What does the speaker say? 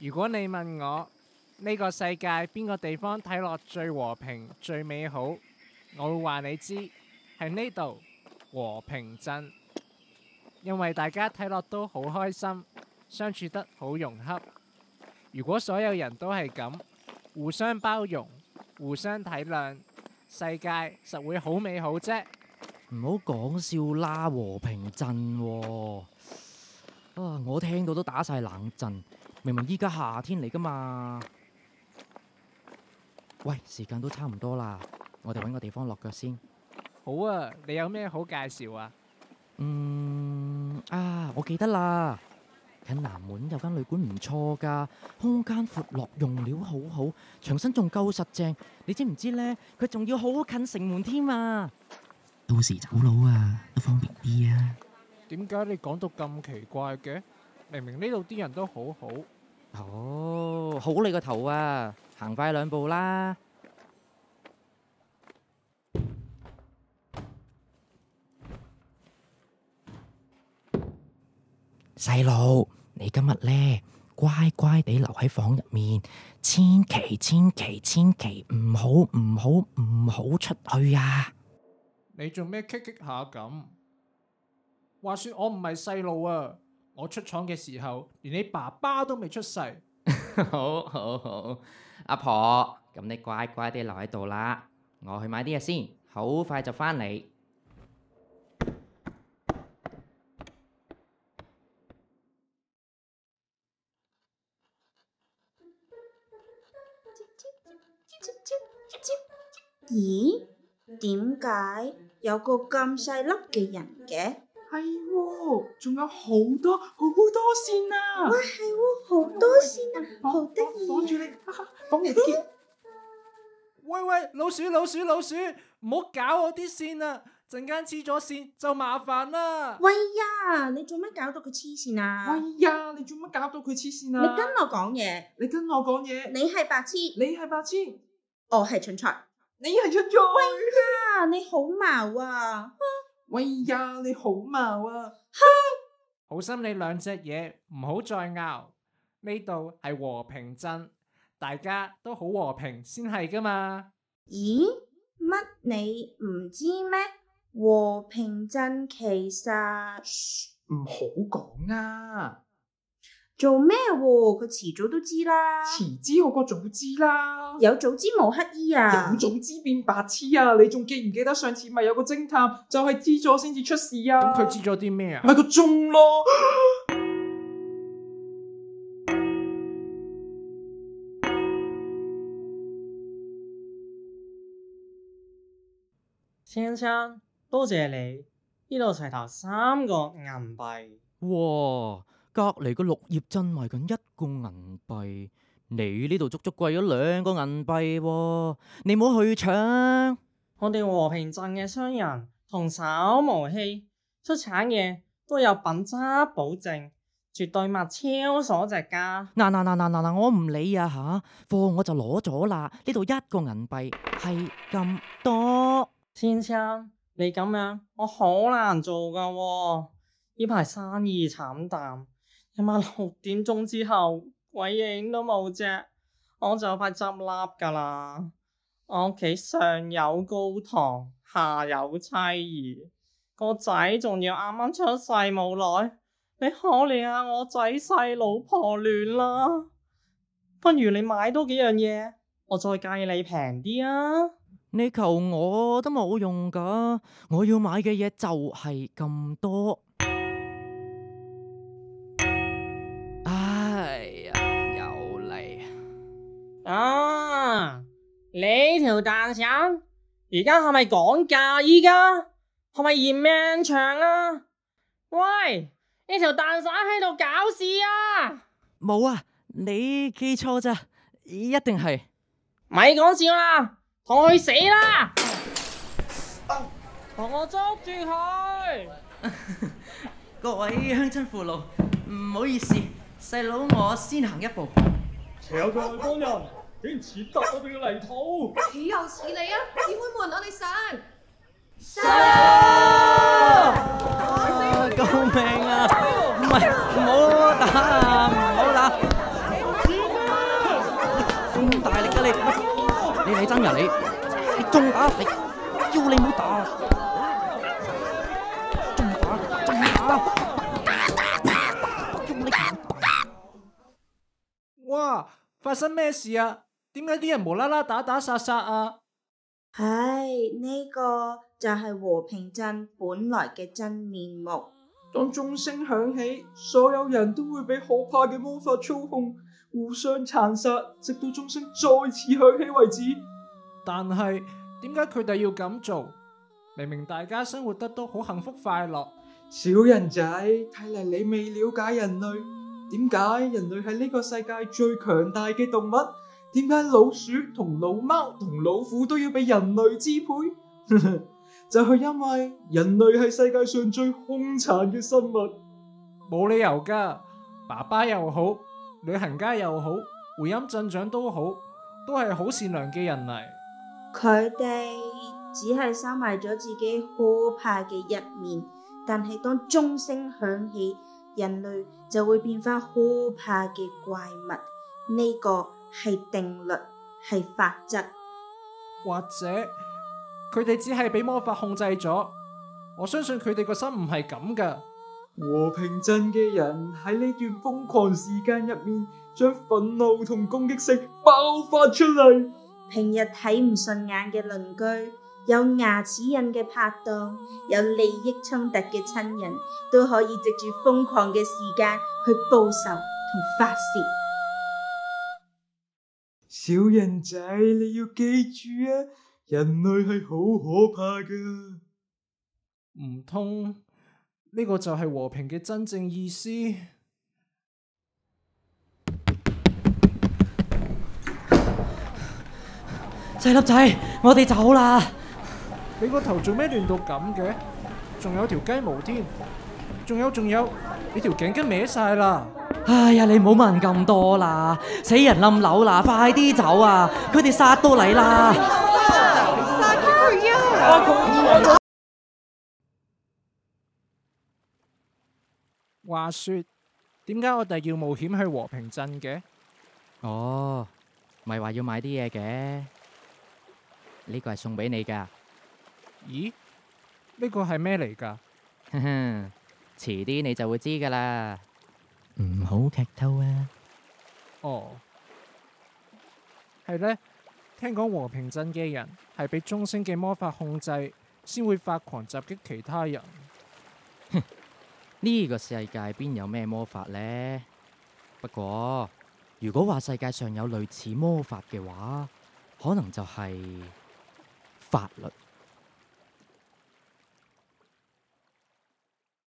如果你問我呢個世界邊個地方睇落最和平、最美好，我會話你知係呢度和平鎮，因為大家睇落都好開心，相處得好融洽。如果所有人都係咁，互相包容、互相體諒，世界實會好美好啫。唔好講笑啦，和平鎮，哦，啊，我聽到都打晒冷震。明明依家夏天嚟噶嘛？喂，時間都差唔多啦，我哋搵個地方落腳先。好啊，你有咩好介紹啊？嗯啊，我記得啦，近南門有間旅館唔錯噶，空間闊落，用料好好，牆身仲夠實淨。你知唔知咧？佢仲要好近城門添啊！到時走佬啊，都方便啲啊！點解你講到咁奇怪嘅？明明呢度啲人都好好，哦，好你個頭啊！行快兩步啦，細路，你今日咧乖乖地留喺房入面，千祈千祈千祈唔好唔好唔好出去啊！你做咩棘棘下咁？話說我唔係細路啊！我出廠嘅時候，連你爸爸都未出世 。好好好，阿婆，咁你乖乖啲留喺度啦，我去買啲嘢先，好快就返嚟。咦？點解有個咁細粒嘅人嘅？係喎，仲、哦、有好多好多線啊！喂，係喎，好多線啊，哦、好多咦、啊放啊？放住你，啊、放住結。 喂喂，老鼠老鼠老鼠，唔好搞我啲線啊！陣間黐咗線就麻煩啦。喂呀，你做乜搞到佢黐線啊？喂呀，你做乜搞到佢黐線啊？你跟我講嘢。你跟我講嘢。你係白痴。你係白痴。我係蠢材。蠢你係蠢材。喂呀，你好矛啊！喂、哎、呀！你好鬧啊，哈 好心你兩隻嘢，唔好再拗。呢度係和平鎮，大家都好和平先係㗎嘛？咦？乜你唔知咩？和平鎮其實唔 好講啊！做咩喎？佢遲早都知啦，遲知好過早知啦。有早知冇乞衣啊，有早知變白痴啊！你仲記唔記得上次咪有個偵探就係、是、知咗先至出事啊？咁佢知咗啲咩啊？咪個鐘咯。 先生，多謝你呢度齊頭三個銀幣。哇！隔籬個綠葉鎮賣緊一個銀幣，你呢度足足貴咗兩個銀幣。你唔好去搶，我哋和平鎮嘅商人童叟無欺，出產嘢都有品質保證，絕對物超所值㗎。嗱嗱嗱嗱嗱，我唔理啊吓，貨我就攞咗啦。呢度一個銀幣係咁多。先生你咁樣我好難做㗎。呢排生意慘淡。今晚六點鐘之後，鬼影都冇隻，我就快執笠噶啦。我屋企上有高堂，下有妻兒，個仔仲要啱啱出世冇耐，你可憐下我仔細老婆亂啦。不如你買多幾樣嘢，我再計你平啲啊。你求我都冇用噶，我要買嘅嘢就係咁多。你條蛋散而家係咪講價？而家係咪嫌命長啊？喂！呢條蛋散喺度搞事啊！冇啊，你記錯咋？一定係，咪講笑啦？同佢死啦！同、啊、我捉住佢！ 各位鄉親父老，唔好意思，細佬我先行一步。請各位幫人。竟然踐踏我哋嘅泥土！豈有此理啊！姊妹們，我哋散。散！救命啊！唔係唔好打啊！唔好打！咁大力㗎你？你嚟真呀你？你仲打？叫你唔好打！仲打！仲打！哇！發生咩事啊？點解啲人無啦啦打打殺殺啊？唉，呢個就係和平鎮本來嘅真面目。當鐘聲響起，所有人都會被可怕嘅魔法操控，互相殘殺，直到鐘聲再次響起為止。但係點解佢哋要咁做？明明大家生活得都好幸福快樂。小人仔，睇嚟你未了解人類。點解人類係呢個世界最強大嘅動物？點解老鼠同老貓同老虎都要俾人類支配？ 就係因為人類係世界上最兇殘嘅生物，冇理由噶。爸爸又好，旅行家又好，回音鎮長都好，都係好善良嘅人嚟。佢哋只係收埋咗自己可怕嘅一面，但係當鐘聲響起，人類就會變翻可怕嘅怪物，呢個係定律，係法則，或者佢哋只係俾魔法控制咗。我相信佢哋個心唔係咁㗎。和平鎮嘅人喺呢段瘋狂時間入面，將憤怒同攻擊性爆發出嚟。平日睇唔順眼嘅鄰居，有牙齒印嘅拍檔，有利益衝突嘅親人，都可以藉住瘋狂嘅時間去報仇同發洩。小人仔，你要記住啊！人類係好可怕噶，唔通呢個就係和平嘅真正意思？細粒仔，我哋走啦！你個頭做咩亂到咁嘅？仲有條雞毛添？仲有仲有，你條頸巾歪晒啦！哎呀，你唔好問咁多啦，死人冧樓啦，快啲走啊！佢哋殺到你啦！好啦，殺咗佢啊！話說，點解我哋要冒險去和平鎮嘅？哦，咪話要買啲嘢嘅，呢個係送俾你噶。咦？呢個係咩嚟噶？哼哼，遲啲你就會知噶啦。唔好劇透啊！哦，係咧，聽講和平鎮嘅人係被鐘聲嘅魔法控制，先會發狂襲擊其他人。哼，呢個世界邊有咩魔法呢？不過如果話世界上有類似魔法嘅話，可能就係法律。